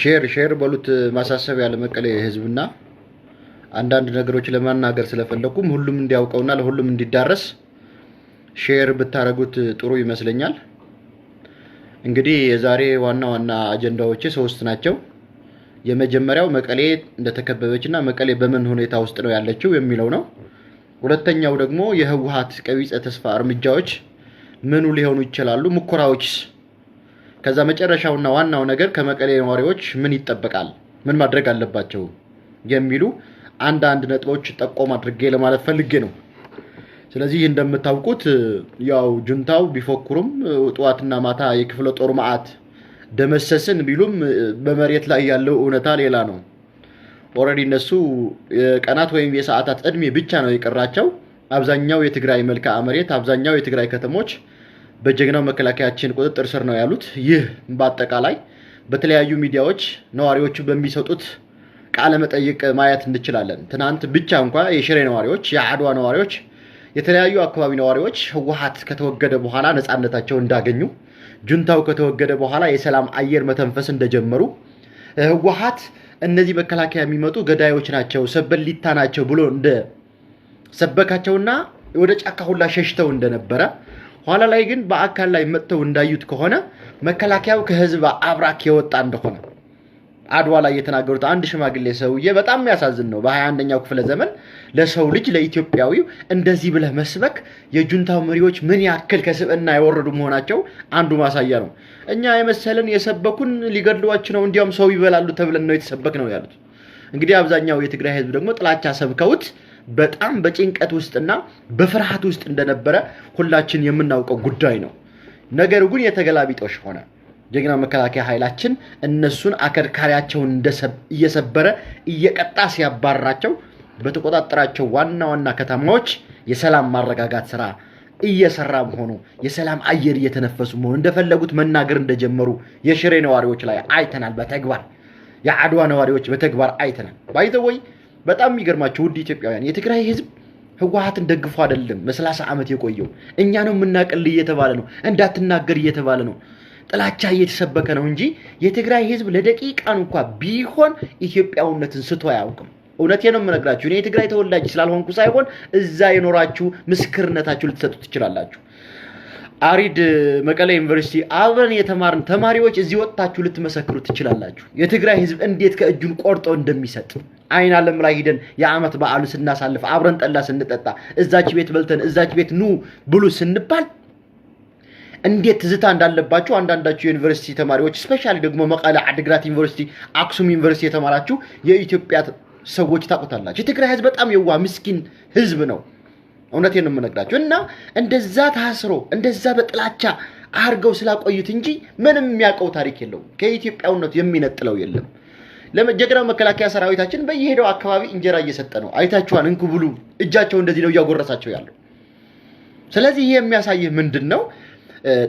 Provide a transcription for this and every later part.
ሼር ሼር በሉት። ማሳሰቢያ ለመቀሌ ህዝብና አንዳንድ ነገሮች ለመናገር ስለፈለኩም ሁሉም እንዲያውቀውና ለሁሉም እንዲዳረስ ሼር ብታደርጉት ጥሩ ይመስለኛል። እንግዲህ የዛሬ ዋና ዋና አጀንዳዎቼ ሶስት ናቸው። የመጀመሪያው መቀሌ እንደተከበበችና መቀሌ በምን ሁኔታ ውስጥ ነው ያለችው የሚለው ነው። ሁለተኛው ደግሞ የህወሀት ቀቢጸ ተስፋ እርምጃዎች ምኑ ሊሆኑ ይችላሉ? ሙከራዎችስ ከዛ መጨረሻውና ዋናው ነገር ከመቀሌ ነዋሪዎች ምን ይጠበቃል፣ ምን ማድረግ አለባቸው የሚሉ አንዳንድ ነጥቦች ጠቆም አድርጌ ለማለት ፈልጌ ነው። ስለዚህ እንደምታውቁት ያው ጁንታው ቢፎክሩም ጠዋትና ማታ የክፍለ ጦር መዓት ደመሰስን ቢሉም በመሬት ላይ ያለው እውነታ ሌላ ነው። ኦልሬዲ እነሱ የቀናት ወይም የሰዓታት እድሜ ብቻ ነው የቀራቸው። አብዛኛው የትግራይ መልክዓ መሬት፣ አብዛኛው የትግራይ ከተሞች በጀግናው መከላከያችን ቁጥጥር ስር ነው ያሉት። ይህ በአጠቃላይ በተለያዩ ሚዲያዎች ነዋሪዎቹ በሚሰጡት ቃለ መጠይቅ ማየት እንችላለን። ትናንት ብቻ እንኳ የሽሬ ነዋሪዎች፣ የአድዋ ነዋሪዎች፣ የተለያዩ አካባቢ ነዋሪዎች ህወሀት ከተወገደ በኋላ ነፃነታቸው እንዳገኙ፣ ጁንታው ከተወገደ በኋላ የሰላም አየር መተንፈስ እንደጀመሩ ህወሀት እነዚህ መከላከያ የሚመጡ ገዳዮች ናቸው፣ ሰበሊታ ናቸው ብሎ እንደሰበካቸውና ወደ ጫካ ሁላ ሸሽተው እንደነበረ ኋላ ላይ ግን በአካል ላይ መጥተው እንዳዩት ከሆነ መከላከያው ከህዝብ አብራክ የወጣ እንደሆነ አድዋ ላይ የተናገሩት አንድ ሽማግሌ ሰውዬ በጣም የሚያሳዝን ነው። በ21ኛው ክፍለ ዘመን ለሰው ልጅ ለኢትዮጵያዊው እንደዚህ ብለህ መስበክ የጁንታው መሪዎች ምን ያክል ከስብዕና የወረዱ መሆናቸው አንዱ ማሳያ ነው። እኛ የመሰለን የሰበኩን ሊገድሏችሁ ነው፣ እንዲያውም ሰው ይበላሉ ተብለን ነው የተሰበክ ነው ያሉት። እንግዲህ አብዛኛው የትግራይ ህዝብ ደግሞ ጥላቻ ሰብከውት በጣም በጭንቀት ውስጥና በፍርሃት ውስጥ እንደነበረ ሁላችን የምናውቀው ጉዳይ ነው። ነገር ግን የተገላቢጦሽ ሆነ። ጀግና መከላከያ ኃይላችን እነሱን አከርካሪያቸውን እየሰበረ እየቀጣ ሲያባራቸው በተቆጣጠራቸው ዋና ዋና ከተማዎች የሰላም ማረጋጋት ስራ እየሰራ መሆኑ የሰላም አየር እየተነፈሱ መሆኑ እንደፈለጉት መናገር እንደጀመሩ የሽሬ ነዋሪዎች ላይ አይተናል። በተግባር የአድዋ ነዋሪዎች በተግባር አይተናል። ባይዘወይ በጣም የሚገርማቸው ውድ ኢትዮጵያውያን የትግራይ ህዝብ ህወሀትን ደግፎ አይደለም ለሰላሳ ዓመት የቆየው። እኛ ነው የምናቀል እየተባለ ነው፣ እንዳትናገር እየተባለ ነው፣ ጥላቻ እየተሰበከ ነው እንጂ የትግራይ ህዝብ ለደቂቃን እንኳ ቢሆን ኢትዮጵያዊነትን ስቶ አያውቅም። እውነቴ ነው የምነግራችሁ። እኔ የትግራይ ተወላጅ ስላልሆንኩ ሳይሆን እዛ የኖራችሁ ምስክርነታችሁ ልትሰጡ ትችላላችሁ። አሪድ መቀሌ ዩኒቨርሲቲ አብረን የተማርን ተማሪዎች እዚህ ወጥታችሁ ልትመሰክሩ ትችላላችሁ። የትግራይ ህዝብ እንዴት ከእጁን ቆርጦ እንደሚሰጥ አይን አለም ላይ ሂደን የአመት በዓሉ ስናሳልፍ አብረን ጠላ ስንጠጣ እዛች ቤት በልተን እዛች ቤት ኑ ብሉ ስንባል እንዴት ትዝታ እንዳለባችሁ አንዳንዳችሁ የዩኒቨርሲቲ ተማሪዎች ስፔሻሊ ደግሞ መቀለ፣ አድግራት ዩኒቨርሲቲ፣ አክሱም ዩኒቨርሲቲ የተማራችሁ የኢትዮጵያ ሰዎች ታውቁታላችሁ። የትግራይ ህዝብ በጣም የዋ ምስኪን ህዝብ ነው። እውነቴን ነው የምነግራችሁ። እና እንደዛ ታስሮ እንደዛ በጥላቻ አርገው ስላቆዩት እንጂ ምንም የሚያውቀው ታሪክ የለውም። ከኢትዮጵያውነቱ የሚነጥለው የለም። ጀግናው መከላከያ ሰራዊታችን በየሄደው አካባቢ እንጀራ እየሰጠ ነው። አይታችኋን፣ እንኩ ብሉ፣ እጃቸው እንደዚህ ነው እያጎረሳቸው ያለው። ስለዚህ ይህ የሚያሳይህ ምንድን ነው?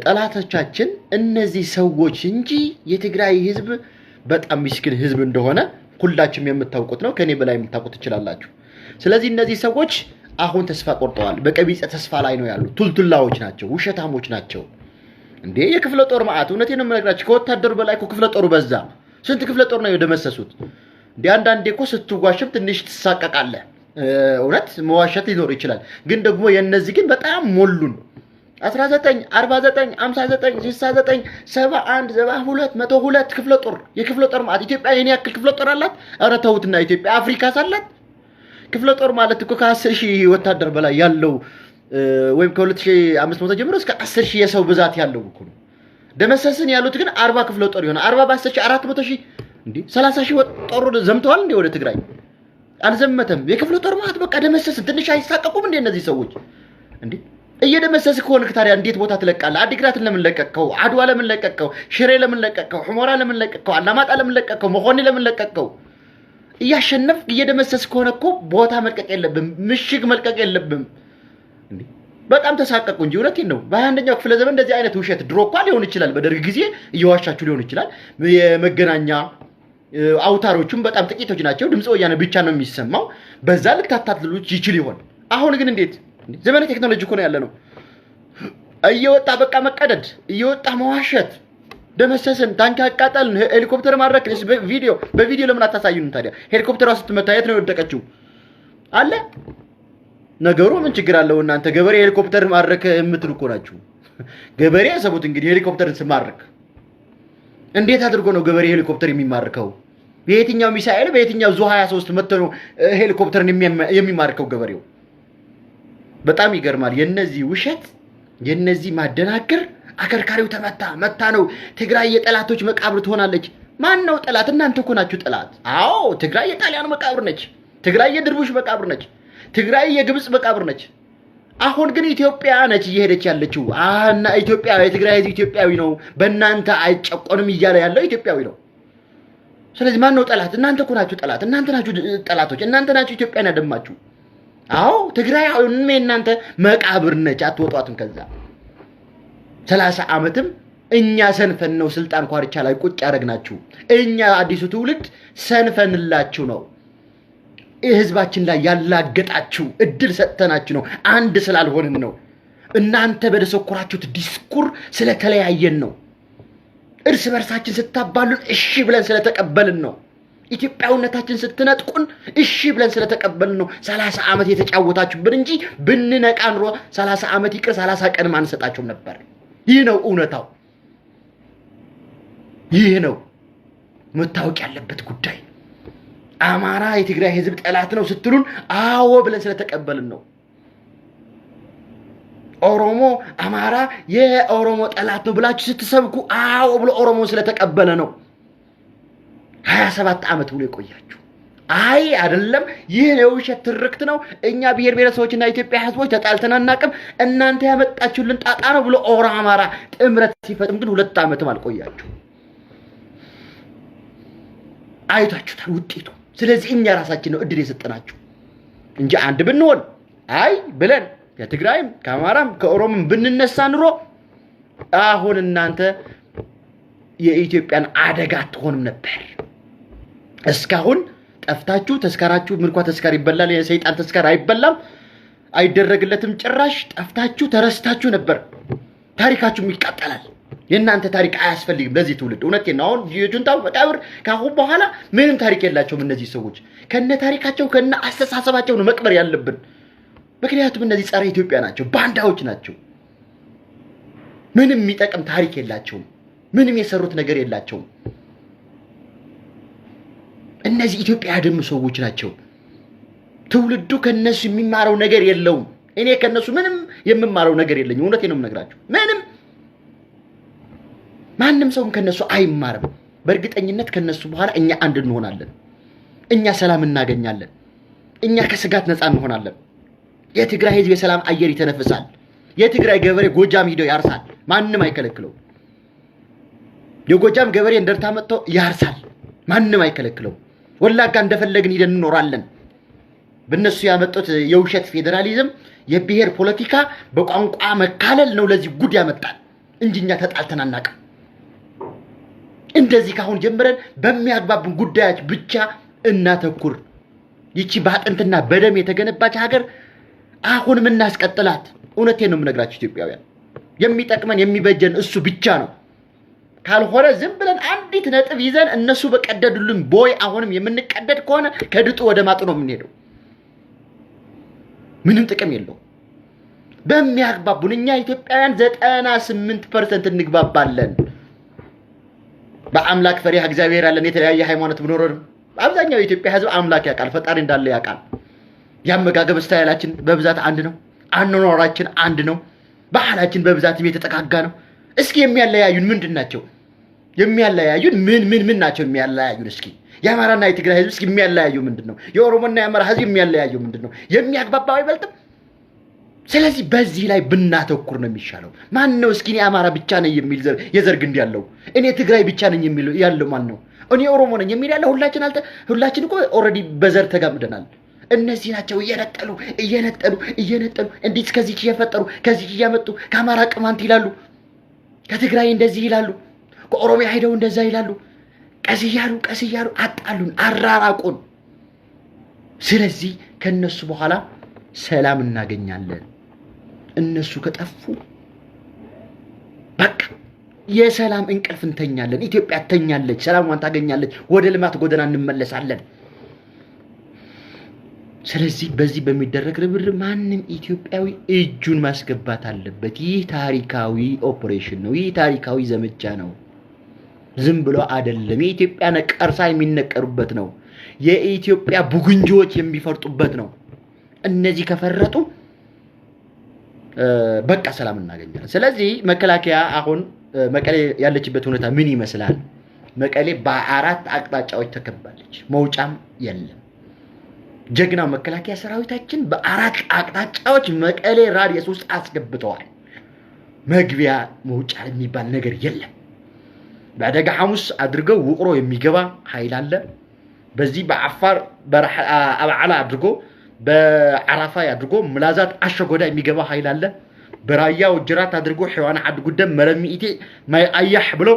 ጠላቶቻችን እነዚህ ሰዎች እንጂ የትግራይ ህዝብ በጣም ሚስኪን ህዝብ እንደሆነ ሁላችሁም የምታውቁት ነው። ከኔ በላይ የምታውቁት ትችላላችሁ። ስለዚህ እነዚህ ሰዎች አሁን ተስፋ ቆርጠዋል። በቀቢፀ ተስፋ ላይ ነው ያሉት። ቱልቱላዎች ናቸው፣ ውሸታሞች ናቸው። እንዴ የክፍለ ጦር መዓት እውነቴን ነው የምነግራችሁ። ከወታደሩ በላይ እኮ ክፍለ ጦሩ በዛ። ስንት ክፍለ ጦር ነው የደመሰሱት? እንዲህ አንዳንዴ እኮ ስትዋሸም ትንሽ ትሳቀቃለህ። እውነት መዋሸት ሊኖር ይችላል፣ ግን ደግሞ የእነዚህ ግን በጣም ሞሉን 19 49 59 69 71 72 102 ክፍለ ጦር የክፍለ ጦር ማለት ኢትዮጵያ ይህን ያክል ክፍለ ጦር አላት። ኧረ ተውትና ኢትዮጵያ አፍሪካ ሳላት ክፍለ ጦር ማለት እኮ ከ10 ሺህ ወታደር በላይ ያለው ወይም ከ2500 ጀምሮ እስከ 10 ሺህ የሰው ብዛት ያለው እኮ ነው። ደመሰስን ያሉት ግን አርባ ክፍለ ጦር ይሆናል። አርባ ባሰች አራት መቶ ሺህ እንዴ ሰላሳ ሺህ ጦር ዘምተዋል እንዴ ወደ ትግራይ አልዘመተም። የክፍለ ጦር ማለት በቃ ደመሰስን። ትንሽ አይሳቀቁም እንዴ እነዚህ ሰዎች እንዴ? እየደመሰስ ከሆንክ ታዲያ እንዴት ቦታ ትለቃለህ? አዲግራትን ለምን ለቀቅከው? አድዋ ለምን ለቀቅከው? ሽሬ ለምን ለቀቅከው? ሑመራ ለምን ለቀቅከው? አላማጣ ለምን ለቀቅከው? መኾኒ ለምን ለቀቅከው? እያሸነፍክ እየደመሰስ ከሆነ እኮ ቦታ መልቀቅ የለብም፣ ምሽግ መልቀቅ የለብም። በጣም ተሳቀቁ እንጂ እውነቴን ነው። በአንደኛው ክፍለ ዘመን እንደዚህ አይነት ውሸት ድሮ ሊሆን ይችላል፣ በደርግ ጊዜ እየዋሻችሁ ሊሆን ይችላል። የመገናኛ አውታሮቹም በጣም ጥቂቶች ናቸው። ድምፅ ወያነ ብቻ ነው የሚሰማው። በዛ ልክ ታታትልሎች ይችል ይሆን። አሁን ግን እንዴት ዘመነ ቴክኖሎጂ እኮ ነው ያለ ነው። እየወጣ በቃ መቀደድ፣ እየወጣ መዋሸት፣ ደመሰስን፣ ታንኪ አቃጠልን፣ ሄሊኮፕተር ማድረግ ቪዲዮ በቪዲዮ ለምን አታሳዩንም ታዲያ? ሄሊኮፕተሯ ስትመታየት ነው የወደቀችው አለ ነገሩ ምን ችግር አለው? እናንተ ገበሬ ሄሊኮፕተር ማረከ የምትሉ እኮ ናችሁ። ገበሬ ያሰቡት እንግዲህ ሄሊኮፕተርን ስማርክ እንዴት አድርጎ ነው ገበሬ ሄሊኮፕተር የሚማርከው? የየትኛው ሚሳኤል በየትኛው ዙ 23 መጥቶ ነው ሄሊኮፕተርን የሚማርከው ገበሬው? በጣም ይገርማል። የነዚህ ውሸት የነዚህ ማደናገር። አከርካሪው ተመታ መታ ነው። ትግራይ የጠላቶች መቃብር ትሆናለች። ማን ነው ጠላት? እናንተ እኮ ናችሁ ጠላት። አዎ ትግራይ የጣሊያኑ መቃብር ነች። ትግራይ የድርቡሽ መቃብር ነች። ትግራይ የግብፅ መቃብር ነች። አሁን ግን ኢትዮጵያ ነች እየሄደች ያለችው እና ኢትዮጵያ የትግራይ ህዝብ ኢትዮጵያዊ ነው፣ በእናንተ አይጨቆንም እያለ ያለው ኢትዮጵያዊ ነው። ስለዚህ ማን ነው ጠላት? እናንተ እኮ ናችሁ ጠላት። እናንተ ናችሁ ጠላቶች። እናንተ ናችሁ ኢትዮጵያን ያደማችሁ። አዎ ትግራይ አሁንም የእናንተ መቃብር ነች፣ አትወጧትም። ከዛ ሰላሳ ዓመትም እኛ ሰንፈን ነው ስልጣን ኳርቻ ላይ ቁጭ ያደረግናችሁ። እኛ አዲሱ ትውልድ ሰንፈንላችሁ ነው። ህዝባችን ላይ ያላገጣችሁ እድል ሰጥተናችሁ ነው። አንድ ስላልሆንን ነው። እናንተ በደሰኮራችሁት ዲስኩር ስለተለያየን ነው። እርስ በርሳችን ስታባሉን እሺ ብለን ስለተቀበልን ነው። ኢትዮጵያዊነታችን ስትነጥቁን እሺ ብለን ስለተቀበልን ነው። ሰላሳ ዓመት የተጫወታችሁብን እንጂ ብንነቃ ኑሮ ሰላሳ ዓመት ይቅር ሰላሳ ቀንም አንሰጣችሁም ነበር። ይህ ነው እውነታው። ይህ ነው መታወቅ ያለበት ጉዳይ። አማራ የትግራይ ህዝብ ጠላት ነው ስትሉን አዎ ብለን ስለተቀበልን ነው። ኦሮሞ አማራ የኦሮሞ ጠላት ነው ብላችሁ ስትሰብኩ አዎ ብሎ ኦሮሞ ስለተቀበለ ነው። ሀያ ሰባት ዓመት ብሎ የቆያችሁ አይ አይደለም፣ ይህ የውሸት ትርክት ነው። እኛ ብሔር ብሔረሰቦችና ኢትዮጵያ ህዝቦች ተጣልተን አናቅም፣ እናንተ ያመጣችሁልን ጣጣ ነው ብሎ ኦሮ አማራ ጥምረት ሲፈጥም ግን ሁለት ዓመትም አልቆያችሁ። አይታችሁታል ውጤቱ። ስለዚህ እኛ ራሳችን ነው እድል የሰጠናቸው እንጂ አንድ ብንሆን አይ ብለን ከትግራይም ከአማራም ከኦሮሞም ብንነሳ ኑሮ አሁን እናንተ የኢትዮጵያን አደጋ አትሆንም ነበር። እስካሁን ጠፍታችሁ ተስካራችሁ ምንኳ ተስካር ይበላል፣ የሰይጣን ተስካር አይበላም አይደረግለትም። ጭራሽ ጠፍታችሁ ተረስታችሁ ነበር። ታሪካችሁም ይቃጠላል። የእናንተ ታሪክ አያስፈልግም ለዚህ ትውልድ። እውነቴን ነው። አሁን የጁንታው መቃብር ካሁን በኋላ ምንም ታሪክ የላቸውም እነዚህ ሰዎች። ከነ ታሪካቸው ከነ አስተሳሰባቸው ነው መቅበር ያለብን። ምክንያቱም እነዚህ ጸረ ኢትዮጵያ ናቸው፣ ባንዳዎች ናቸው። ምንም የሚጠቅም ታሪክ የላቸውም። ምንም የሰሩት ነገር የላቸውም። እነዚህ ኢትዮጵያ ያደሙ ሰዎች ናቸው። ትውልዱ ከነሱ የሚማረው ነገር የለውም። እኔ ከነሱ ምንም የምማረው ነገር የለኝም። እውነቴን ነው የምነግራቸው ምንም ማንም ሰውም ከነሱ አይማርም። በእርግጠኝነት ከነሱ በኋላ እኛ አንድ እንሆናለን። እኛ ሰላም እናገኛለን። እኛ ከስጋት ነፃ እንሆናለን። የትግራይ ህዝብ የሰላም አየር ይተነፍሳል። የትግራይ ገበሬ ጎጃም ሂደው ያርሳል። ማንም አይከለክለው። የጎጃም ገበሬ እንደርታ መጥቶ ያርሳል። ማንም አይከለክለው። ወላጋ እንደፈለግን ሂደን እንኖራለን። በእነሱ ያመጡት የውሸት ፌዴራሊዝም፣ የብሔር ፖለቲካ፣ በቋንቋ መካለል ነው ለዚህ ጉድ ያመጣል እንጂ እኛ ተጣልተን አናውቅም። እንደዚህ ካሁን ጀምረን በሚያግባብን ጉዳዮች ብቻ እናተኩር። ይቺ በአጥንትና በደም የተገነባች ሀገር አሁንም እናስቀጥላት። እውነቴን ነው የምነግራቸው ኢትዮጵያውያን፣ የሚጠቅመን የሚበጀን እሱ ብቻ ነው። ካልሆነ ዝም ብለን አንዲት ነጥብ ይዘን እነሱ በቀደዱልን ቦይ አሁንም የምንቀደድ ከሆነ ከድጡ ወደ ማጡ ነው የምንሄደው። ምንም ጥቅም የለው። በሚያግባቡን እኛ ኢትዮጵያውያን ዘጠና ስምንት ፐርሰንት እንግባባለን። በአምላክ ፈሪሃ እግዚአብሔር ያለን የተለያየ ሃይማኖት ብኖረን አብዛኛው የኢትዮጵያ ህዝብ አምላክ ያውቃል፣ ፈጣሪ እንዳለ ያውቃል። የአመጋገብ ስታይላችን በብዛት አንድ ነው። አኗኗራችን አንድ ነው። ባህላችን በብዛትም የተጠጋጋ ነው። እስኪ የሚያለያዩን ምንድን ናቸው? የሚያለያዩን ምን ምን ምን ናቸው የሚያለያዩን? እስኪ የአማራና የትግራይ ህዝብ እስኪ የሚያለያዩ ምንድን ነው? የኦሮሞና የአማራ ህዝብ የሚያለያዩ ምንድን ነው? የሚያግባባው አይበልጥም ስለዚህ በዚህ ላይ ብናተኩር ነው የሚሻለው። ማን ነው እስኪ እኔ አማራ ብቻ ነኝ የሚል የዘርግ እንዲ ያለው እኔ ትግራይ ብቻ ነኝ የሚል ያለው ማን ነው? እኔ ኦሮሞ ነኝ የሚል ያለው ሁላችን አልተ ሁላችን እኮ ኦልሬዲ በዘር ተጋምደናል። እነዚህ ናቸው እየነጠሉ እየነጠሉ እየነጠሉ እንዲህ ከዚህ እየፈጠሩ ከዚህ እያመጡ ከአማራ ቅማንት ይላሉ፣ ከትግራይ እንደዚህ ይላሉ፣ ከኦሮሚያ ሄደው እንደዛ ይላሉ። ቀስ እያሉ ቀስ እያሉ አጣሉን፣ አራራቁን። ስለዚህ ከነሱ በኋላ ሰላም እናገኛለን። እነሱ ከጠፉ በቃ የሰላም እንቅልፍ እንተኛለን። ኢትዮጵያ እተኛለች፣ ሰላሟን ታገኛለች፣ ወደ ልማት ጎደና እንመለሳለን። ስለዚህ በዚህ በሚደረግ ርብር ማንም ኢትዮጵያዊ እጁን ማስገባት አለበት። ይህ ታሪካዊ ኦፕሬሽን ነው። ይህ ታሪካዊ ዘመቻ ነው። ዝም ብሎ አይደለም። የኢትዮጵያ ነቀርሳ የሚነቀሩበት ነው። የኢትዮጵያ ቡግንጆዎች የሚፈርጡበት ነው። እነዚህ ከፈረጡ በቃ ሰላም እናገኛለን። ስለዚህ መከላከያ አሁን መቀሌ ያለችበት ሁኔታ ምን ይመስላል? መቀሌ በአራት አቅጣጫዎች ተከባለች፣ መውጫም የለም። ጀግናው መከላከያ ሰራዊታችን በአራት አቅጣጫዎች መቀሌ ራዲየስ ውስጥ አስገብተዋል። መግቢያ መውጫ የሚባል ነገር የለም። በአደጋ ሐሙስ አድርገው ውቅሮ የሚገባ ኃይል አለ። በዚህ በአፋር በዓላ አድርጎ በዓራፋ አድርጎ ምላዛት አሸጎዳ የሚገባ ኃይል አለ። በራያ ወጅራት አድርጎ ሕዋን ዓድ ጉደም መረሚኢቴ ማይ አያሕ ብሎ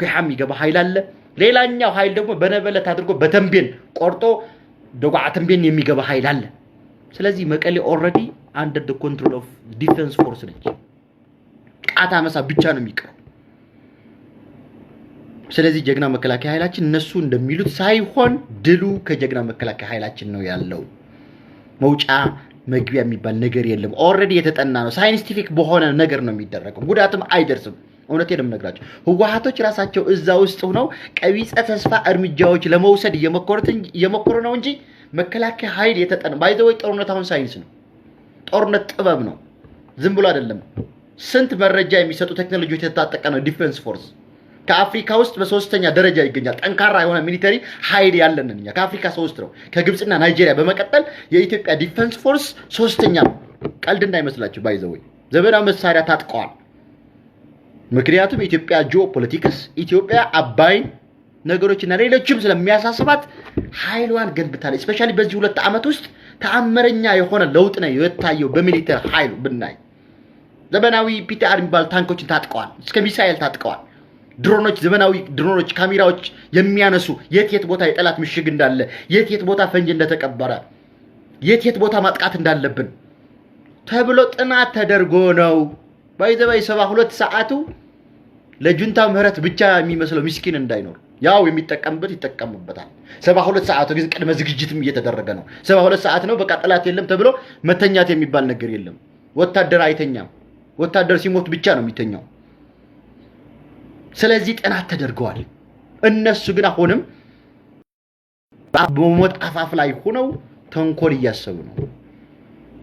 ኩሓ የሚገባ ኃይል አለ። ሌላኛው ኃይል ደግሞ በነበለት አድርጎ በተንቤን ቆርጦ ደጓዓ ተንቤን የሚገባ ኃይል አለ። ስለዚህ መቀሌ ኦልሬዲ አንደር ደ ኮንትሮል ኦፍ ዲፌንስ ፎርስ ነች። ቃታ መሳ ብቻ ነው የሚቀረው። ስለዚህ ጀግና መከላከያ ኃይላችን እነሱ እንደሚሉት ሳይሆን ድሉ ከጀግና መከላከያ ኃይላችን ነው ያለው። መውጫ መግቢያ የሚባል ነገር የለም። ኦልሬዲ የተጠና ነው። ሳይንስቲፊክ በሆነ ነገር ነው የሚደረገው። ጉዳትም አይደርስም። እውነቴን ነው የምነግራቸው። ህወሀቶች ራሳቸው እዛ ውስጥ ሆነው ቀቢፀ ተስፋ እርምጃዎች ለመውሰድ እየሞከሩ ነው እንጂ መከላከያ ኃይል የተጠና ባይዘወይ ጦርነት አሁን ሳይንስ ነው። ጦርነት ጥበብ ነው። ዝም ብሎ አይደለም። ስንት መረጃ የሚሰጡ ቴክኖሎጂዎች የተታጠቀ ነው ዲፌንስ ፎርስ ከአፍሪካ ውስጥ በሶስተኛ ደረጃ ይገኛል። ጠንካራ የሆነ ሚሊተሪ ኃይል ያለን እኛ ከአፍሪካ ሶስት ነው። ከግብፅና ናይጄሪያ በመቀጠል የኢትዮጵያ ዲፌንስ ፎርስ ሶስተኛ ነው። ቀልድ እንዳይመስላችሁ። ባይዘወይ ዘመናዊ መሳሪያ ታጥቀዋል። ምክንያቱም ኢትዮጵያ ጂኦ ፖለቲክስ ኢትዮጵያ አባይን ነገሮችና ሌሎችም ስለሚያሳስባት ኃይሏን ገንብታለች። እስፔሻሊ በዚህ ሁለት ዓመት ውስጥ ተአምረኛ የሆነ ለውጥ ነው የታየው። በሚሊተር ኃይሉ ብናይ ዘመናዊ ፒቲአር የሚባሉ ታንኮችን ታጥቀዋል። እስከ ሚሳኤል ታጥቀዋል። ድሮኖች፣ ዘመናዊ ድሮኖች፣ ካሜራዎች የሚያነሱ የት የት ቦታ የጠላት ምሽግ እንዳለ፣ የት የት ቦታ ፈንጅ እንደተቀበረ፣ የት የት ቦታ ማጥቃት እንዳለብን ተብሎ ጥናት ተደርጎ ነው። ባይዘባይ ሰባ ሁለት ሰዓቱ ለጁንታ ምህረት ብቻ የሚመስለው ምስኪን እንዳይኖር ያው የሚጠቀምበት ይጠቀምበታል። ሰባ ሁለት ሰዓቱ ጊዜ ቅድመ ዝግጅትም እየተደረገ ነው። ሰባ ሁለት ሰዓት ነው። በቃ ጠላት የለም ተብሎ መተኛት የሚባል ነገር የለም። ወታደር አይተኛም። ወታደር ሲሞት ብቻ ነው የሚተኛው። ስለዚህ ጥናት ተደርገዋል። እነሱ ግን አሁንም በሞት አፋፍ ላይ ሆነው ተንኮል እያሰቡ ነው።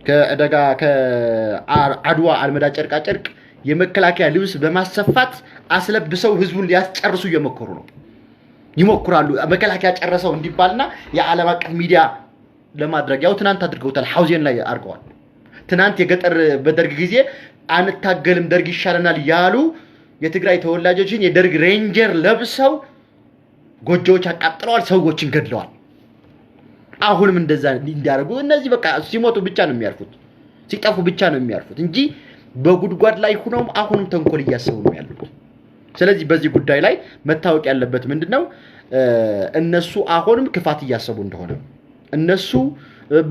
ከደጋ ከአድዋ አልመዳ ጨርቅ የመከላከያ ልብስ በማሰፋት አስለብሰው ህዝቡን ሊያስጨርሱ እየሞከሩ ነው ይሞክራሉ። መከላከያ ጨረሰው እንዲባልና የዓለም አቀፍ ሚዲያ ለማድረግ ያው ትናንት አድርገውታል። ሐውዜን ላይ አድርገዋል። ትናንት የገጠር በደርግ ጊዜ አንታገልም ደርግ ይሻለናል ያሉ የትግራይ ተወላጆችን የደርግ ሬንጀር ለብሰው ጎጆዎች አቃጥለዋል፣ ሰዎችን ገድለዋል። አሁንም እንደዛ እንዲያደርጉ እነዚህ በቃ ሲሞቱ ብቻ ነው የሚያርፉት፣ ሲጠፉ ብቻ ነው የሚያርፉት እንጂ በጉድጓድ ላይ ሁነውም አሁንም ተንኮል እያሰቡ ነው ያሉት። ስለዚህ በዚህ ጉዳይ ላይ መታወቅ ያለበት ምንድን ነው? እነሱ አሁንም ክፋት እያሰቡ እንደሆነ እነሱ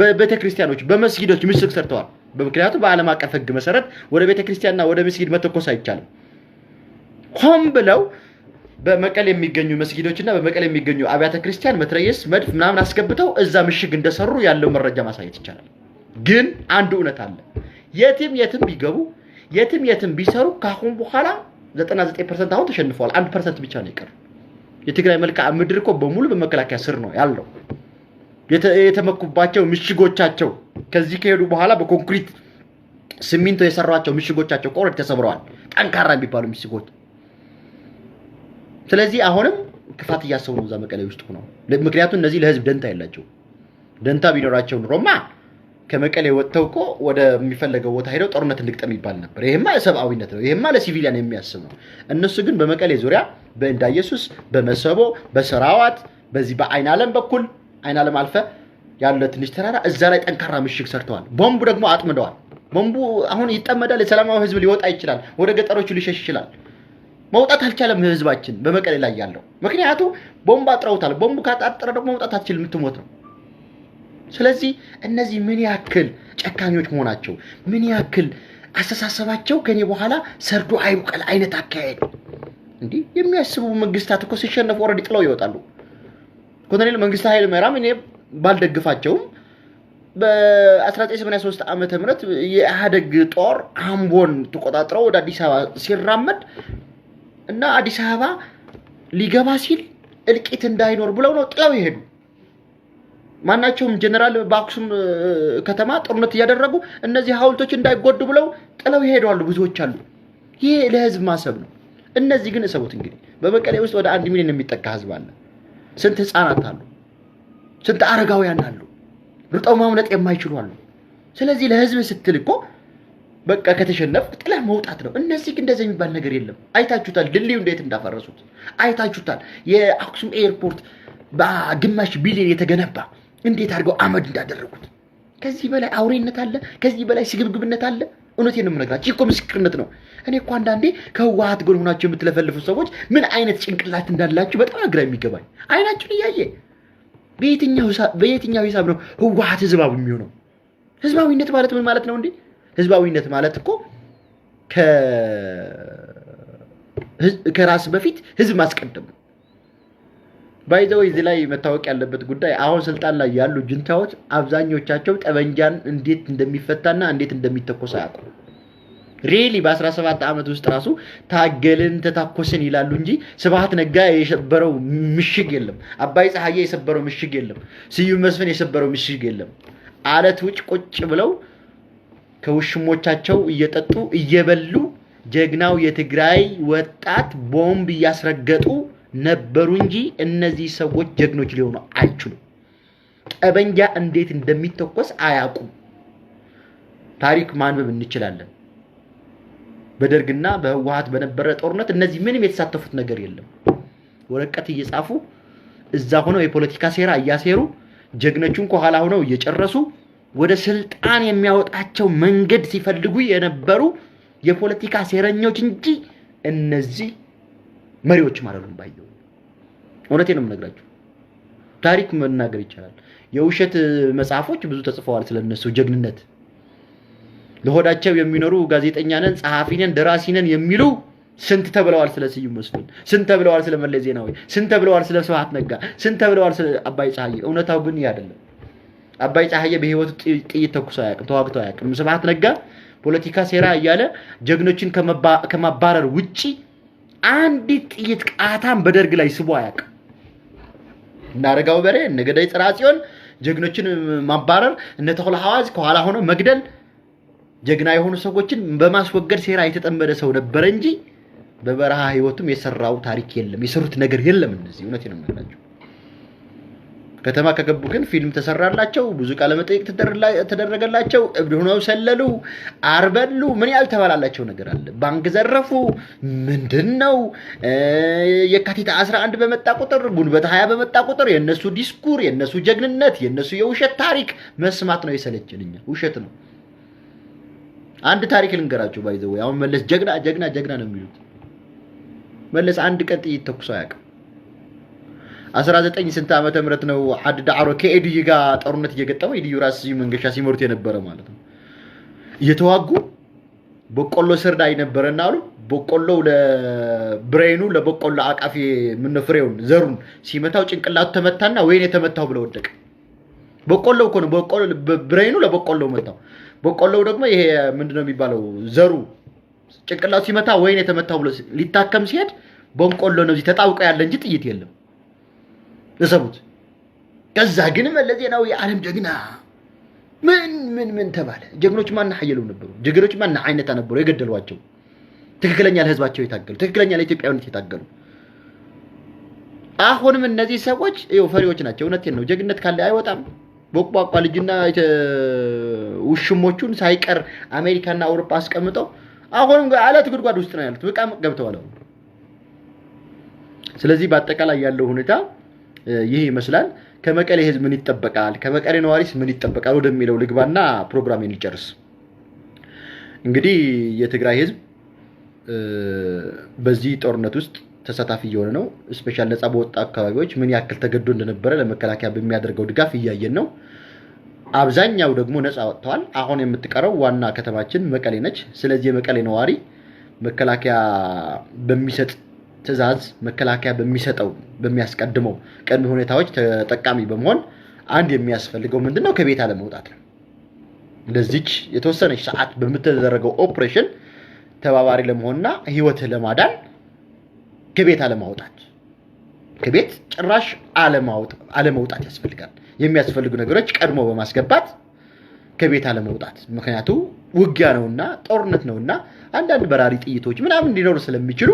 በቤተክርስቲያኖች በመስጊዶች ምስል ሰርተዋል። ምክንያቱም በዓለም አቀፍ ሕግ መሰረት ወደ ቤተክርስቲያንና ወደ መስጊድ መተኮስ አይቻልም። ሆን ብለው በመቀሌ የሚገኙ መስጊዶች እና በመቀሌ የሚገኙ አብያተ ክርስቲያን መትረየስ፣ መድፍ ምናምን አስገብተው እዛ ምሽግ እንደሰሩ ያለው መረጃ ማሳየት ይቻላል። ግን አንድ እውነት አለ። የትም የትም ቢገቡ የትም የትም ቢሰሩ ከአሁን በኋላ 99 ፐርሰንት አሁን ተሸንፈዋል። አንድ ፐርሰንት ብቻ ነው የቀሩ። የትግራይ መልክዓ ምድር እኮ በሙሉ በመከላከያ ስር ነው ያለው። የተመኩባቸው ምሽጎቻቸው ከዚህ ከሄዱ በኋላ በኮንክሪት ሲሚንቶ የሰሯቸው ምሽጎቻቸው ቆረድ ተሰብረዋል። ጠንካራ የሚባሉ ምሽጎች ስለዚህ አሁንም ክፋት እያሰቡ ነው እዛ መቀሌ ውስጥ ሆነው። ምክንያቱም እነዚህ ለህዝብ ደንታ የላቸው። ደንታ ቢኖራቸው ኑሮማ ከመቀሌ ወጥተው እኮ ወደሚፈለገው ቦታ ሄደው ጦርነት እንግጠም ይባል ነበር። ይሄማ ሰብአዊነት ነው። ይሄማ ለሲቪሊያን የሚያስብ ነው። እነሱ ግን በመቀሌ ዙሪያ በእንዳ ኢየሱስ፣ በመሰቦ፣ በሰራዋት በዚህ በአይን አለም በኩል አይን አለም አልፈ ያለ ትንሽ ተራራ እዛ ላይ ጠንካራ ምሽግ ሰርተዋል። ቦምቡ ደግሞ አጥምደዋል። ቦምቡ አሁን ይጠመዳል። የሰላማዊ ህዝብ ሊወጣ ይችላል። ወደ ገጠሮቹ ሊሸሽ ይችላል። መውጣት አልቻለም ህዝባችን በመቀሌ ላይ ያለው። ምክንያቱ ቦምብ አጥረውታል። ቦምቡ ካጣጠረ ደግሞ መውጣት አትችል የምትሞት ነው። ስለዚህ እነዚህ ምን ያክል ጨካኞች መሆናቸው ምን ያክል አስተሳሰባቸው ከኔ በኋላ ሰርዶ አይብቀል አይነት አካሄድ እንዲህ የሚያስቡ መንግስታት እኮ ሲሸነፉ ኦልሬዲ ጥለው ይወጣሉ። ኮሎኔል መንግስቱ ኃይለ ማርያም እኔ ባልደግፋቸውም በ1983 ዓመተ ምህረት የኢህአደግ ጦር አምቦን ተቆጣጥረው ወደ አዲስ አበባ ሲራመድ እና አዲስ አበባ ሊገባ ሲል እልቂት እንዳይኖር ብለው ነው ጥለው ይሄዱ ማናቸውም ጀነራል በአክሱም ከተማ ጦርነት እያደረጉ እነዚህ ሀውልቶች እንዳይጎዱ ብለው ጥለው ይሄዳሉ። ብዙዎች አሉ። ይሄ ለህዝብ ማሰብ ነው። እነዚህ ግን እሰቡት እንግዲህ በመቀሌ ውስጥ ወደ አንድ ሚሊዮን የሚጠጋ ህዝብ አለ። ስንት ህፃናት አሉ፣ ስንት አረጋውያን አሉ፣ ርጠው ማምለጥ የማይችሉ አሉ። ስለዚህ ለህዝብ ስትል እኮ በቃ ከተሸነፍ ጥላ መውጣት ነው። እነዚህ እንደዚህ የሚባል ነገር የለም። አይታችሁታል፣ ድልድዩ እንዴት እንዳፈረሱት አይታችሁታል። የአክሱም ኤርፖርት በግማሽ ቢሊዮን የተገነባ እንዴት አድርገው አመድ እንዳደረጉት። ከዚህ በላይ አውሬነት አለ? ከዚህ በላይ ስግብግብነት አለ? እውነቴን ነው የምነግራችሁ። እኮ ምስክርነት ነው። እኔ እኮ አንዳንዴ ከህወሓት ጎን ሆናችሁ የምትለፈልፉ ሰዎች ምን አይነት ጭንቅላት እንዳላችሁ በጣም ግራ የሚገባኝ አይናችሁን እያየ በየትኛው ሂሳብ ነው ህወሓት ህዝባዊ የሚሆነው? ህዝባዊነት ማለት ምን ማለት ነው እንዴ? ህዝባዊነት ማለት እኮ ከራስ በፊት ህዝብ ማስቀደም ነው። ባይዘው እዚህ ላይ መታወቅ ያለበት ጉዳይ አሁን ስልጣን ላይ ያሉ ጅንታዎች አብዛኞቻቸው ጠመንጃን እንዴት እንደሚፈታና እንዴት እንደሚተኮስ አያውቁ። ሪሊ በ17 ዓመት ውስጥ ራሱ ታገልን ተታኮስን ይላሉ እንጂ ስብሀት ነጋ የሰበረው ምሽግ የለም። አባይ ፀሐዬ የሰበረው ምሽግ የለም። ስዩም መስፍን የሰበረው ምሽግ የለም። አለት ውጭ ቁጭ ብለው ከውሽሞቻቸው እየጠጡ እየበሉ ጀግናው የትግራይ ወጣት ቦምብ እያስረገጡ ነበሩ እንጂ እነዚህ ሰዎች ጀግኖች ሊሆኑ አይችሉም። ጠበንጃ እንዴት እንደሚተኮስ አያውቁም። ታሪክ ማንበብ እንችላለን። በደርግና በህወሀት በነበረ ጦርነት እነዚህ ምንም የተሳተፉት ነገር የለም። ወረቀት እየጻፉ እዛ ሆነው የፖለቲካ ሴራ እያሴሩ ጀግኖቹን ከኋላ ሆነው እየጨረሱ ወደ ስልጣን የሚያወጣቸው መንገድ ሲፈልጉ የነበሩ የፖለቲካ ሴረኞች እንጂ እነዚህ መሪዎች አይደሉም። ባየው እውነቴ ነው የምነግራችሁ። ታሪክ መናገር ይቻላል። የውሸት መጽሐፎች ብዙ ተጽፈዋል ስለነሱ ጀግንነት። ለሆዳቸው የሚኖሩ ጋዜጠኛ ነን፣ ጸሐፊ ነን፣ ደራሲ ነን የሚሉ ስንት ተብለዋል። ስለ ስዩም መስፍን ስንት ተብለዋል። ስለ መለስ ዜናዊ ስንት ተብለዋል። ስለ ስብሐት ነጋ ስንት ተብለዋል። ስለ አባይ ፀሐዬ። እውነታው ግን ይህ አይደለም። አባይ ፀሐዬ በህይወቱ ጥይት ተኩሶ አያውቅም፣ ተዋግቶ አያውቅም። ስብሐት ነጋ ፖለቲካ ሴራ እያለ ጀግኖችን ከማባረር ውጪ አንዲት ጥይት ቃታም በደርግ ላይ ስቦ አያውቅም። እነ አረጋው በርሄ፣ እነ ገዳይ ጽርሐ ጽዮን ጀግኖችን ማባረር፣ እነ ተኩላ ሐዋዝ ከኋላ ሆኖ መግደል፣ ጀግና የሆኑ ሰዎችን በማስወገድ ሴራ የተጠመደ ሰው ነበረ እንጂ በበረሃ ህይወቱም የሰራው ታሪክ የለም። የሰሩት ነገር የለም። እነዚህ እውነት ነው የምላቸው። ከተማ ከገቡ ግን ፊልም ተሰራላቸው፣ ብዙ ቃለመጠይቅ ተደረገላቸው፣ እብድ ሆነው ሰለሉ፣ አርበሉ። ምን ያልተባላላቸው ነገር አለ? ባንክ ዘረፉ። ምንድን ነው የካቲት 11 በመጣ ቁጥር፣ ጉንበት 20 በመጣ ቁጥር የእነሱ ዲስኩር፣ የእነሱ ጀግንነት፣ የእነሱ የውሸት ታሪክ መስማት ነው የሰለችን። ውሸት ነው። አንድ ታሪክ ልንገራቸው ባይዘው አሁን መለስ ጀግና ጀግና ጀግና ነው የሚሉት መለስ አንድ ቀን ጥይት ተኩሶ አያውቅም። 19 ስንት ዓመተ ምህረት ነው አድ ዳዕሮ ከኤድዩ ጋር ጦርነት እየገጠመ ኤድዩ ራስ መንገሻ ሲመሩት የነበረ ማለት ነው። እየተዋጉ በቆሎ ስር ላይ ነበረና አሉ በቆሎው ለብሬኑ ለበቆሎ አቃፊ ምን ፍሬውን ዘሩን ሲመታው ጭንቅላቱ ተመታና ወይኔ ተመታው ብለ ወደቀ። በቆሎ እኮ ነው በቆሎ ብሬኑ ለበቆሎ መታው። በቆሎው ደግሞ ይሄ ምንድነው የሚባለው ዘሩ ጭንቅላቱ ሲመታ ወይኔ ተመታው ብሎ ሊታከም ሲሄድ በቆሎ ነው እዚህ ተጣውቀ ያለ እንጂ ጥይት የለም። ለሰሙት። ከዛ ግን መለ ዜናዊ የዓለም ጀግና ምን ምን ምን ተባለ። ጀግኖች ማና ሀየሉ ነበሩ። ጀግኖች ማና አይነታ ነበሩ የገደሏቸው፣ ትክክለኛ ለህዝባቸው የታገሉ፣ ትክክለኛ ለኢትዮጵያዊነት የታገሉ። አሁንም እነዚህ ሰዎች ይኸው ፈሪዎች ናቸው። እውነቴን ነው። ጀግነት ካለ አይወጣም። በቋቋ ልጅና ውሽሞቹን ሳይቀር አሜሪካና አውሮፓ አስቀምጠው አሁንም አለት ጉድጓድ ውስጥ ነው ያሉት። በቃ ገብተዋል። ስለዚህ በአጠቃላይ ያለው ሁኔታ ይህ ይመስላል። ከመቀሌ ህዝብ ምን ይጠበቃል፣ ከመቀሌ ነዋሪስ ምን ይጠበቃል ወደሚለው ልግባና ፕሮግራም የሚጨርስ እንግዲህ የትግራይ ህዝብ በዚህ ጦርነት ውስጥ ተሳታፊ እየሆነ ነው። ስፔሻል ነፃ በወጣ አካባቢዎች ምን ያክል ተገዶ እንደነበረ ለመከላከያ በሚያደርገው ድጋፍ እያየን ነው። አብዛኛው ደግሞ ነፃ ወጥተዋል። አሁን የምትቀረው ዋና ከተማችን መቀሌ ነች። ስለዚህ የመቀሌ ነዋሪ መከላከያ በሚሰጥ ትዕዛዝ መከላከያ በሚሰጠው በሚያስቀድመው ቅድመ ሁኔታዎች ተጠቃሚ በመሆን አንድ የሚያስፈልገው ምንድን ነው? ከቤት አለመውጣት ነው። ለዚች የተወሰነች ሰዓት በምትደረገው ኦፕሬሽን ተባባሪ ለመሆንና ህይወትህ ለማዳን ከቤት አለማውጣት ከቤት ጭራሽ አለመውጣት ያስፈልጋል። የሚያስፈልጉ ነገሮች ቀድሞ በማስገባት ከቤት አለመውጣት። ምክንያቱ ውጊያ ነውና ጦርነት ነውና አንዳንድ በራሪ ጥይቶች ምናምን ሊኖሩ ስለሚችሉ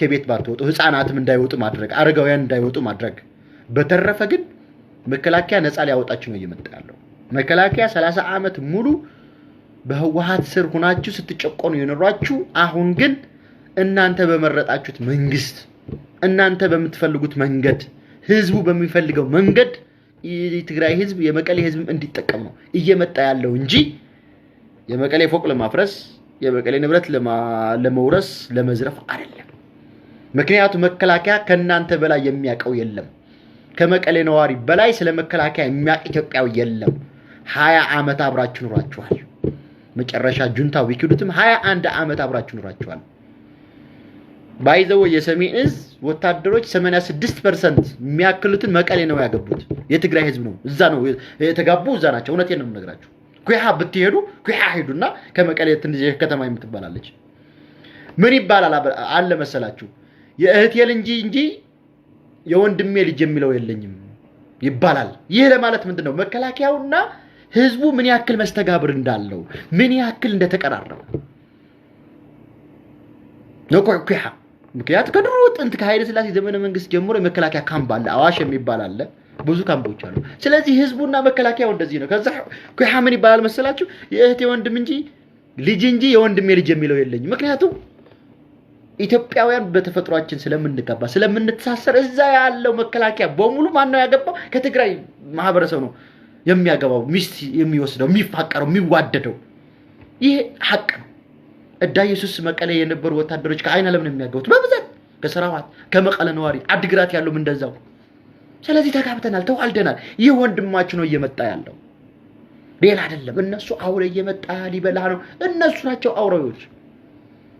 ከቤት ባትወጡ፣ ህፃናትም እንዳይወጡ ማድረግ፣ አረጋውያን እንዳይወጡ ማድረግ። በተረፈ ግን መከላከያ ነፃ ሊያወጣችሁ ነው እየመጣ ያለው። መከላከያ 30 ዓመት ሙሉ በህወሀት ስር ሁናችሁ ስትጨቆኑ የኖሯችሁ፣ አሁን ግን እናንተ በመረጣችሁት መንግስት፣ እናንተ በምትፈልጉት መንገድ፣ ህዝቡ በሚፈልገው መንገድ የትግራይ ህዝብ የመቀሌ ህዝብም እንዲጠቀም ነው እየመጣ ያለው እንጂ የመቀሌ ፎቅ ለማፍረስ የመቀሌ ንብረት ለመውረስ ለመዝረፍ አይደለም። ምክንያቱም መከላከያ ከእናንተ በላይ የሚያውቀው የለም። ከመቀሌ ነዋሪ በላይ ስለ መከላከያ የሚያውቅ ኢትዮጵያዊ የለም። ሀያ ዓመት አብራችሁ ኑራችኋል። መጨረሻ ጁንታ ቢክዱትም ሀያ አንድ ዓመት አብራችሁ ኑራችኋል። ባይዘወ የሰሜን እዝ ወታደሮች 86 ፐርሰንት የሚያክሉትን መቀሌ ነው ያገቡት። የትግራይ ህዝብ ነው እዛ ነው የተጋቡ እዛ ናቸው። እውነቴን ነው የምነግራችሁ። ኩሓ ብትሄዱ ኩሓ ሄዱና ከመቀሌ ትንሽ ከተማ የምትባላለች ምን ይባላል አለ መሰላችሁ የእህቴ እንጂ እንጂ የወንድሜ ልጅ የሚለው የለኝም ይባላል። ይህ ለማለት ምንድን ነው? መከላከያውና ህዝቡ ምን ያክል መስተጋብር እንዳለው ምን ያክል እንደተቀራረበ ነኩዕኩሓ ምክንያት ከድሮ ጥንት ከኃይለ ሥላሴ ዘመነ መንግስት ጀምሮ የመከላከያ ካምፕ አለ፣ አዋሽ የሚባል አለ፣ ብዙ ካምፖች አሉ። ስለዚህ ህዝቡና መከላከያው እንደዚህ ነው። ከዛ ኩሓ ምን ይባላል መሰላችሁ? የእህቴ ወንድም እንጂ ልጅ እንጂ የወንድሜ ልጅ የሚለው የለኝም ምክንያቱም ኢትዮጵያውያን በተፈጥሯችን ስለምንገባ ስለምንተሳሰር እዛ ያለው መከላከያ በሙሉ ማነው ያገባው? ከትግራይ ማህበረሰብ ነው የሚያገባው፣ ሚስት የሚወስደው፣ የሚፋቀረው፣ የሚዋደደው። ይህ ሀቅ ነው። እዳ ኢየሱስ መቀሌ የነበሩ ወታደሮች ከአይን አለም ነው የሚያገቡት በብዛት ከሰራዋት ከመቀለ ነዋሪ አድግራት ያሉም እንደዛው። ስለዚህ ተጋብተናል፣ ተዋልደናል። ይህ ወንድማች ነው እየመጣ ያለው ሌላ አይደለም። እነሱ አውሬ እየመጣ ሊበላ ነው። እነሱ ናቸው አውሬዎች።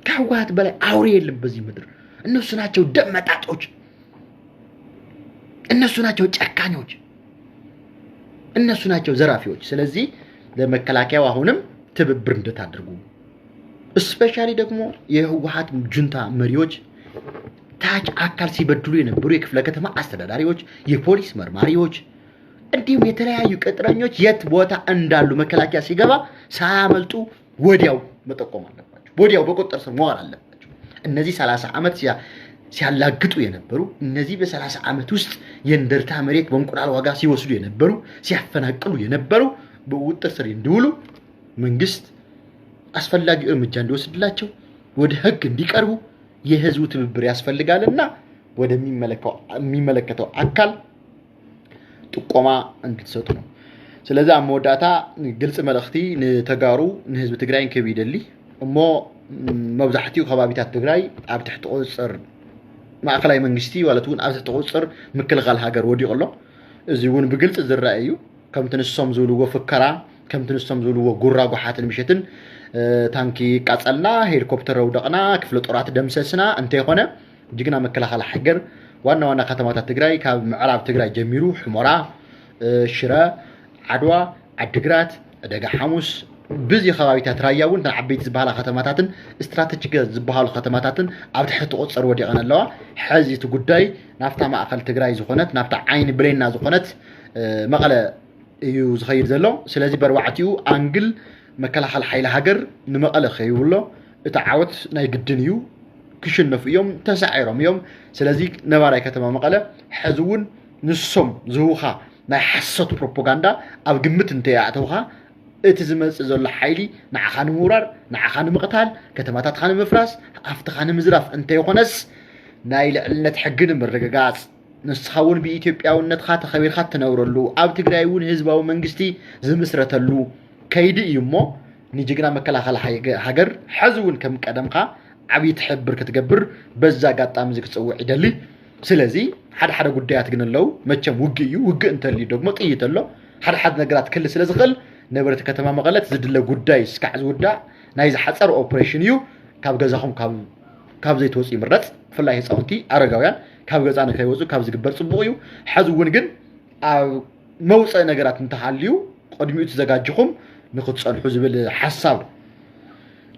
ከህወሓት በላይ አውሬ የለም በዚህ ምድር። እነሱ ናቸው ደም መጣጦች፣ እነሱ ናቸው ጨካኞች፣ እነሱ ናቸው ዘራፊዎች። ስለዚህ ለመከላከያው አሁንም ትብብር እንድታደርጉ እስፔሻሊ ደግሞ የህወሀት ጁንታ መሪዎች ታች አካል ሲበድሉ የነበሩ የክፍለ ከተማ አስተዳዳሪዎች፣ የፖሊስ መርማሪዎች እንዲሁም የተለያዩ ቅጥረኞች የት ቦታ እንዳሉ መከላከያ ሲገባ ሳያመልጡ ወዲያው መጠቆም አለበት። ወዲያው በቁጥጥር ስር መዋል አለባቸው። እነዚህ 30 ዓመት ሲያላግጡ የነበሩ እነዚህ በ30 ዓመት ውስጥ የእንደርታ መሬት በእንቁላል ዋጋ ሲወስዱ የነበሩ ሲያፈናቅሉ የነበሩ በቁጥጥር ስር እንዲውሉ መንግስት አስፈላጊ እርምጃ እንዲወስድላቸው ወደ ህግ እንዲቀርቡ የህዝቡ ትብብር ያስፈልጋልና ወደሚመለከተው አካል ጥቆማ እንድትሰጡ ነው። ስለዚ ኣብ ግልጽ መልእክቲ ንተጋሩ ንህዝቢ ትግራይን ክህብ እሞ መብዛሕትኡ ከባቢታት ትግራይ ኣብ ትሕቲ ቁፅር ማእከላይ መንግስቲ ማለት እውን ኣብ ትሕቲ ቁፅር ምክልኻል ሃገር ወዲቑ ኣሎ እዚ እውን ብግልፂ ዝረአ እዩ ከምቲ ንሶም ዝብልዎ ፍከራ ከምቲ ንሶም ዝብልዎ ጉራ ጓሓትን ምሸትን ታንኪ ቃፀልና ሄሊኮፕተር ኣውደቕና ክፍለ ጦራት ደምሰስና እንተይኮነ ጅግና መከላኸሊ ሃገር ዋና ዋና ከተማታት ትግራይ ካብ ምዕራብ ትግራይ ጀሚሩ ሕሞራ ሽረ ዓድዋ ዓዲግራት ደጋ ሓሙስ ብዙ ከባቢታት ራያ እውን እተን ዓበይቲ ዝበሃላ ከተማታትን ስትራተጂከ ዝበሃሉ ከተማታትን ኣብ ትሕቲ ቁፅር ወዲቐን ኣለዋ ሕዚ እቲ ጉዳይ ናብታ ማእኸል ትግራይ ዝኾነት ናብታ ዓይኒ ብሌና ዝኾነት መቐለ እዩ ዝኸይድ ዘሎ ስለዚ በርባዕትኡ ኣንግል መከላኸሊ ሓይሊ ሃገር ንመቐለ ከይብሎ እቲ ዓወት ናይ ግድን እዩ ክሽነፉ እዮም ተሳዒሮም እዮም ስለዚ ነባራይ ከተማ መቐለ ሕዚ እውን ንሶም ዝህቡኻ ናይ ሓሰቱ ፕሮፓጋንዳ ኣብ ግምት እንተይኣተውካ እቲ ዝመፅእ ዘሎ ሓይሊ ንዓኻ ንምውራር ንዓኻ ንምቕታል ከተማታትካ ንምፍራስ ኣፍትኻ ንምዝራፍ እንተይኮነስ ናይ ልዕልነት ሕጊ ንምርግጋፅ ንስኻ እውን ብኢትዮጵያውነትካ ተኸቢርካ እትነብረሉ ኣብ ትግራይ እውን ህዝባዊ መንግስቲ ዝምስረተሉ ከይዲ እዩ እሞ ንጅግና መከላኸሊ ሃገር ሕዚ እውን ከም ቀደምካ ዓብይ ትሕብር ክትገብር በዛ ኣጋጣሚ እዚ ክፅውዕ ይደሊ ስለዚ ሓደ ሓደ ጉዳያት ግን ኣለው መቸም ውግእ እዩ ውግእ እንተልዩ ደግሞ ጥይት ኣሎ ሓደሓደ ነገራት ክህሊ ስለ ዝኽእል ነበረቲ ከተማ መቐለ ዝድለ ጉዳይ ስካዕ ዝውዳእ ናይ ዝሓፀር ኦፕሬሽን እዩ ካብ ገዛኹም ካብ ዘይተወፅ ይምረፅ ብፍላይ ህፃውንቲ ኣረጋውያን ካብ ገዛ ንከይወፁ ካብ ዝግበር ፅቡቅ እዩ ሕዚ እውን ግን ኣብ መውፀኢ ነገራት እንተሃልዩ ቅድሚኡ ትዘጋጅኹም ንክትፀንሑ ዝብል ሓሳብ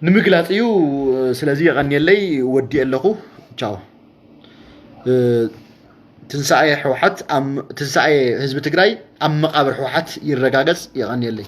ንምግላፅ እዩ ስለዚ የቀኒየለይ ወዲ ኣለኹ ቻው ትንሳኣየ ህወሓት ትንሳኣየ ህዝቢ ትግራይ ኣብ መቃብር ህወሓት ይረጋገፅ የቀኒየለይ